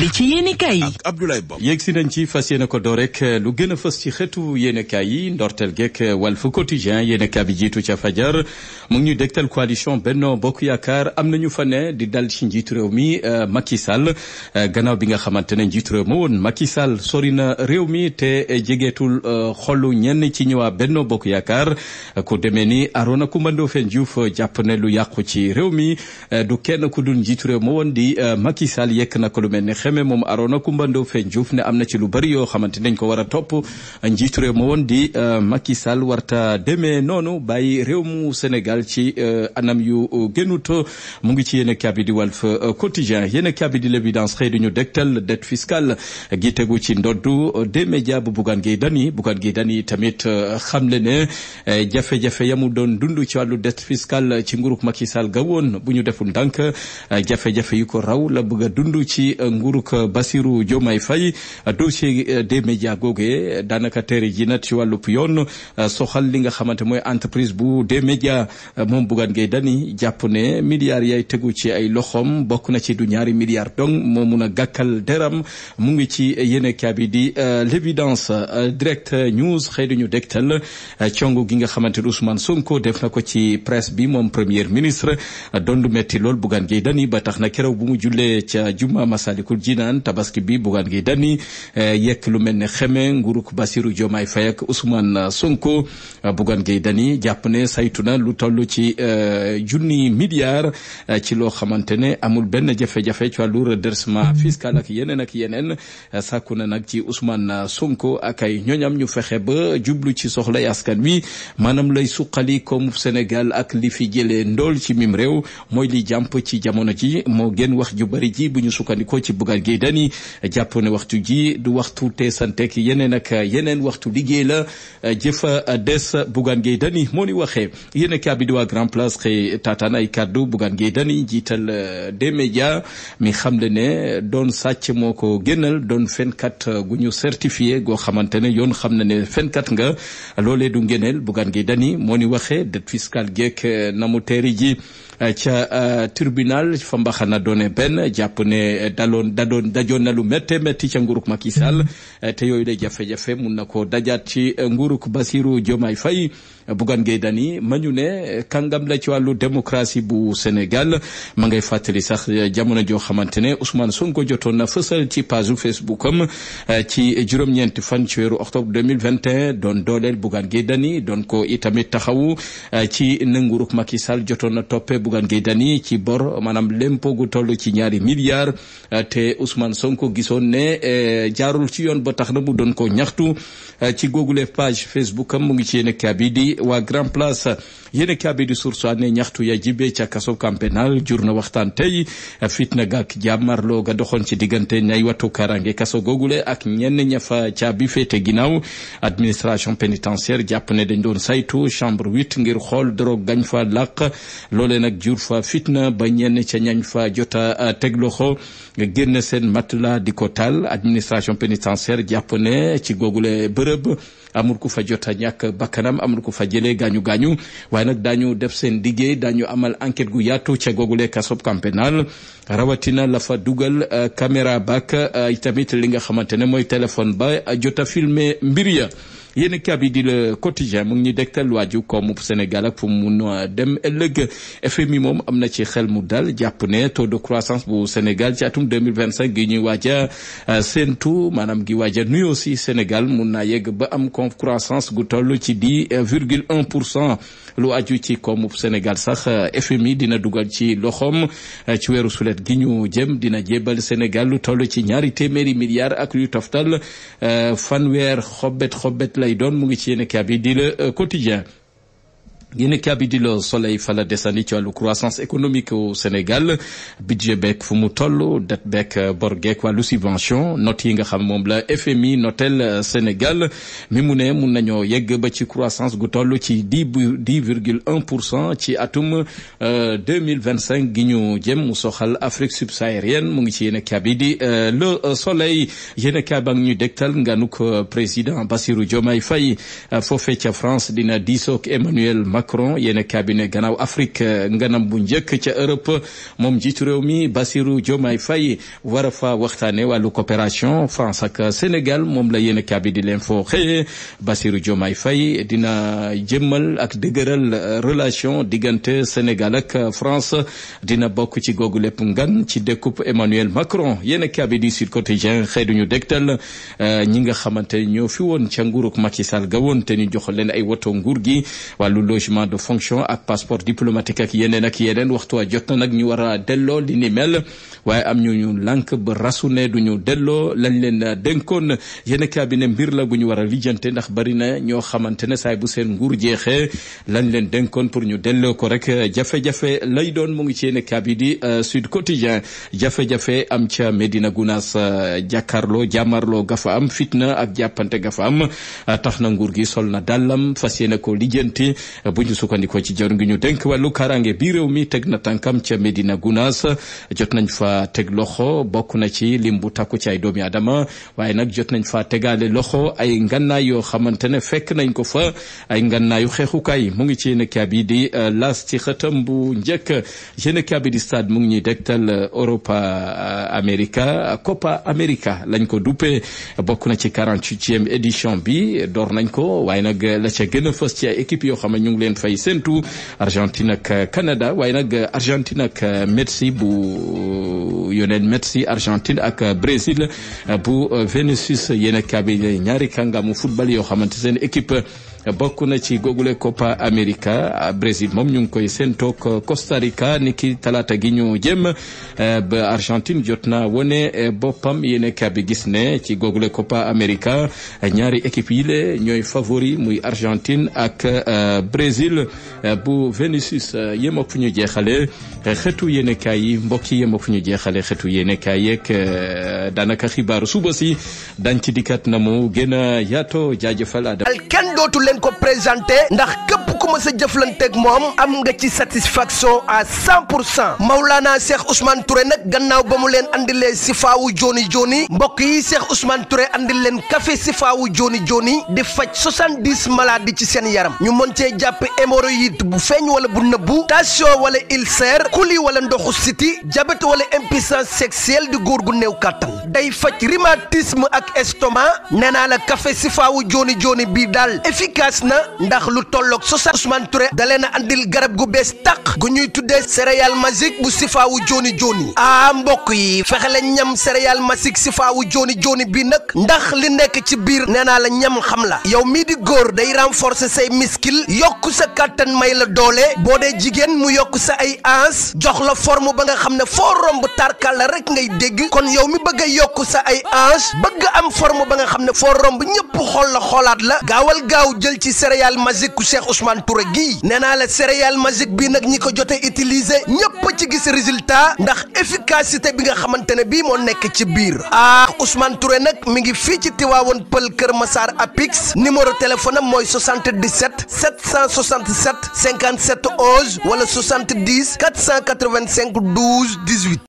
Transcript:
li ci yéenekaay yi ak Abdoulaye Bob yegg si nañ ci fas yéene ko doo rek lu gën a fës ci xetu yéenekaay yi ndorteel geek Walf Quotidien yéenekaay bi jiitu ca fajar mu ngi ñu dégtal coalition Benno Bokk Yaakaar am nañu fa ne di dal ci njiitu réew mi euh, Macky Sall euh, gannaaw bi nga xamante ne njiitu réew ma woon Macky Sall sori na réew mi te euh, jegeetul xolu ñenn ci ñëwaa Benno Bokk Yaakaar ku demee ni Arona Coumba Ndoffène Diouf jàpp ne lu yàqu ci réew mi du kenn ku dul njiitu réew ma woon di Macky Sall yekk na lu xeme moom Arona Coumba Ndoffène Diouf ne am na ci lu bari yoo xamante dañ ko war a topp njiitu réew ma woon di euh, Macky Sall warta demee noonu bàyyi réew mu Sénégal ci euh, anam yu euh, gënut mu ngi ci yéen a kabi di Walf Quotidien yéen a kabi di l'évidence xëy duñu dégtal dette fiscale gi tegu ci ndoddu des médias bu Bougane Gueye Dany Bougane Gueye Dany tamit xam ne jafe-jafe yamu doon dundu ci wàllu dette fiscale ci nguurug Macky Sall ga woon bu ñu deful ndànk jafe-jafe yu ko raw la bëgg a dund ci nguur nguurug Bassirou Diomaye Faye dossier euh, des médias googee daanaka tere ji na ci wàllub yoon euh, soxal li nga xamante mooy entreprise bu de médias euh, moom Bougane Gueye Dany jàpp ne milliards yaay tegu ci ay loxoom bokk na ci du ñaari milliards dong moo mun gàkkal deram mu ngi ci yéene kaabi di l'évidence direct news xëy ñu dégtal congo gi nga xamante ne Ousmane Sonko def na ko ci presse bi moom premier ministre dondu metti lool Bougane Gueye ba tax na keroog bu mu jullee ca juma ji naan tabaski bi bugaan gi dani eh, yekk lu mel ne xeme nguruk Basiru Jomaay Fay ak Ousmane Sonko eh, bugaan gi dani jàpp ne saytu na lu toll ci eh, junni milliard ci loo xamante ne amul benn jafe-jafe ci wàllu redressement fiscal ak yeneen ak yeneen sàkku na nag ci Ousmane Sonko ak ay ñoñam ñu fexe ba jublu ci soxlay askan wi maanaam lay suqali koomu Sénégal ak li fi jëlee ndool ci mim réew mooy li jàmp ci jamono ji moo gën wax ju bari ji bu ñu sukkandikoo ci bugaan Guèye Dany jàpp ne waxtu ji du waxtu teesanteeg yeneen ak yeneen waxtu liggéey la jëfa des Bougane Guèye Dany moo ni waxee yéen a kii waa Grand Place xëy taataan ay kaddu Bougane Guèye Dany jiital euh, des médias mi xam le ne doon sàcc moo ko génnal doon fenkat euh, gu ñu certifié goo xamante ne yoon xam na ne fenkat nga loolee du ngéneel Bougane Guèye Dany moo ni waxee dette fiscale geek euh, ca euh, tribunal fa mbaxana doone benn jàpp ne daloon dadoon dajoon na lu métte métti ca nguuruk Macky Sall mm-hmm. te yooyu lay jafe-jafe mun na ko dajaat ci euh, nguuruk Bassirou Diomaye Faye Bougane Gueye Dany ma ñu ne kàngam la ci wàllu démocratie bu Sénégal ma ngay fàttali sax euh, jamono joo xamante ne Ousmane Sonko jotoon na fësal ci page Facebook am ci juróom-ñeenti fan ci weeru octobre 2021 doon dooleel Bougane Gueye Dany doon ko itamit taxawu ci nanguuruk Macky Sall jotoon na Bougane Gueye Dany ci bor maanaam lempo gu ci ñaari milliards eh, te Ousmane Sonko gisoon ne eh, jaarul ci yoon ba tax na mu doon ko ñaxtu eh, ci googule page Facebook am mu ngi ci yéen a bi di waa Grand Place yéen a kii bi di ne ñaxtu ya jibee ca kaso camp pénal jur na waxtaan tey fitna gak jàmmarloo ga doxoon ci diggante ñay watu karange kaso googule ak ñenn ñafa ca caabi féete ginnaaw administration pénitentiaire jàpp ne dañ saytu chambre huit ngir xool drogue gañ fa làq loolee jur fa fitna ba ñenn ca ñañ fa jot tegloxo euh, teg génn seen matelas di ko taal administration pénitentiaire jàpp ne ci googule bërëb amul ku fa jot a ñàkk bakkanam amul ku fa jële gaañu gaañu waaye nag daañu def seen liggéey daañu amal enquête gu yaatu ca googule kasob camp pénal rawatina la fa dugal euh, caméra bak euh, tamit li nga xamante ne mooy téléphone ba jot a filmer mbir ya yéen kabi di le quotidien mu ngi ñuy dégtal waaju koomu Sénégal ak fu mu dem ëllëg FMI moom am na ci xel mu dal jàpp ne taux de croissance bu Sénégal ci atum 2025 gi ñuy waaj a euh, séentu maanaam gi waaj a nuyoo si Sénégal mun naa yegg ba am croissance gu toll ci 10 virgule 1 pour cent lu aju ci koomu Sénégal sax euh, FMI dina dugal ci loxoom euh, ci weeru sulet gi ñu jëm dina jébbal Sénégal lu toll ci ñaari téeméeri milliards ak luy toftal fanweer xobet xobet lay doon mu ngi ci yéen a kaab yi di le quotidien yéen kaa bi di Le Soleil fa la desandi ci wàllu croissance économique au Sénégal budget beeg fu mu toll dette beeg euh, bor geeg wàllu subvention note yi nga xam moom la FMI notel euh, Sénégal mi mu ne mun nañoo yegg ba ci croissance gu toll ci dix dix virgule un pour cent ci atum euh, deux mille vingt cinq gi ñu jëm mu soxal Afrique subsaharienne mu ngi ci yéen kaa bi di Le Soleil yéen kaa ba ñu dégtal nganuk président Bassirou Diomaye Faye foofee ca France dina diisoog Emmanuel Macron Macron yéen cabinet gannaaw Afrique nganam bu njëkk ca Europe moom jiitu réew mi Bassirou Diomaye Faye war a fa waxtaane wàllu coopération France ak Sénégal moom la yéen cabinet di l'info xëye Bassirou Diomaye Faye dina jëmmal ak dëgëral relation diggante Sénégal ak France dina bokk ci googu lépp ngan ci découpe Emmanuel Macron yéen cabinet du Sud Quotidien xëy duñu dégtal euh, ñi nga xamante ñoo fi woon ca nguuruk Macky ga woon te ñu jox leen ay woto nguur gi engagement de fonction ak passeport diplomatique ak yeneen ak yeneen waxtu a jot nag ñu war a delloo li ni mel waaye am ñu ñu lànk ba rasu ne du ñu delloo lañ leen denkoon yenn cabinet mbir la bu ñu war a lijjante ndax bari na ñoo xamante ne saay bu seen nguur jeexee lañ leen dénkoon pour ñu delloo ko rek jafe-jafe lay doon mu ngi ci yenn cabinet di euh, Sud Quotidien jafe-jafe am ca Medina Gounass euh, jàkkaarloo jàmmarloo gafa am fitna ak jàppante ga am tax na gi sol na fas bu ñu sukkandikoo ci jawriñ gi ñu dénk wàllu kaaraange bi réew mi teg na tànkam ca Medina Gunas jot nañ fa teg loxo bokk na ci lim bu takku ci ay doomi adama waaye nag jot nañ fa tegaale loxo ay ngannaay yoo xamante ne fekk nañ ko fa ay ngannaayu xeexukaay mu ngi ci yéen a bi di eh, las ci xëtam bu njëkk yéen a bi di stade mu ngi ñuy dégtal eh, Europa eh, America Copa America lañ ko duppee bokk na ci 48e édition bi door nañ ko waaye nag la ca gën ci ay équipe yoo xam leen fay séntu Argentine ak Canada waaye nag Argentine ak Mexique bu yoneen Mexique Argentine ak Brésil bu Vinicius yéen yenn kaabi ñaari kàngaamu football yoo xamante seen équipe. bokk na ci googule Copa America Brésil moom ñu ngi koy séentoog Costa Rica niki talaata gi ñu jëm eh, ba Argentine jot na wone eh, boppam yéen bi gis ne ci googule Copa America eh, ñaari équipe yi le ñooy favori muy Argentine ak Brésil bu Vinicius yem fu ñu jeexale xetu yéen kaay yi mbokk yi yem fu ñu jeexale xetu yéen kaay yeeg daanaka xibaaru suba si dañ ci dikkat na mu gën a yaatoo jaajëfal Adama. kenn dootu leen ko présenté ndax képp ku ma sa jëflanteeg moom am nga ci satisfaction à 100 pour cent Maulana Cheikh nag gannaaw ba mu leen andilee si faawu jooni jooni mbokk yi Cheikh Ousmane Touré andi leen café si faawu jooni jooni di faj 70 maladies ci seen yaram ñu mën cee jàpp hémorroïde bu feeñ wala bu nëbbu tension wala ulcère kuli wala ndoxu siti diabète wala impuissance sexuelle di góor gu néew kàttan day faj rhumatisme ak estomac nee naa la café si faawu jooni jooni bii daal efficace na ndax lu tolloog sax Ousmane Touré dalee na andil garab gu bees tàq gu ñuy tuddee céréale magique bu sifaawu jooni jooni ah mbokk yi fexe leen ñam céréale magique sifaawu jooni jooni bi nag ndax li nekk ci biir nee naa la ñam xam la yow mii di góor day renforcer say miskil yokk sa kàttan may la doole boo dee jigéen mu yokk sa ay ans jox la forme ba nga xam ne foo romb tarkal la rek ngay dégg kon yow mi bëgg a yokk sa ay ans bëgg am forme ba nga xam ne foo romb ñëpp xool la xoolaat la gaawal gaaw jël ci céréale magique ku Cheikh Ousmane Ousmane Touré gii nee naa la céréale magique bi nag ñi ko jote utiliser ñëpp ci gis résultat ndax efficacité bi nga xamante ne bii moo nekk ci biir ah Ousmane Touré nag mi ngi fii ci Tivaouane Pël Kër Massar Apix numéro téléphone am mooy 77 767 57 11 wala 70 485 12 18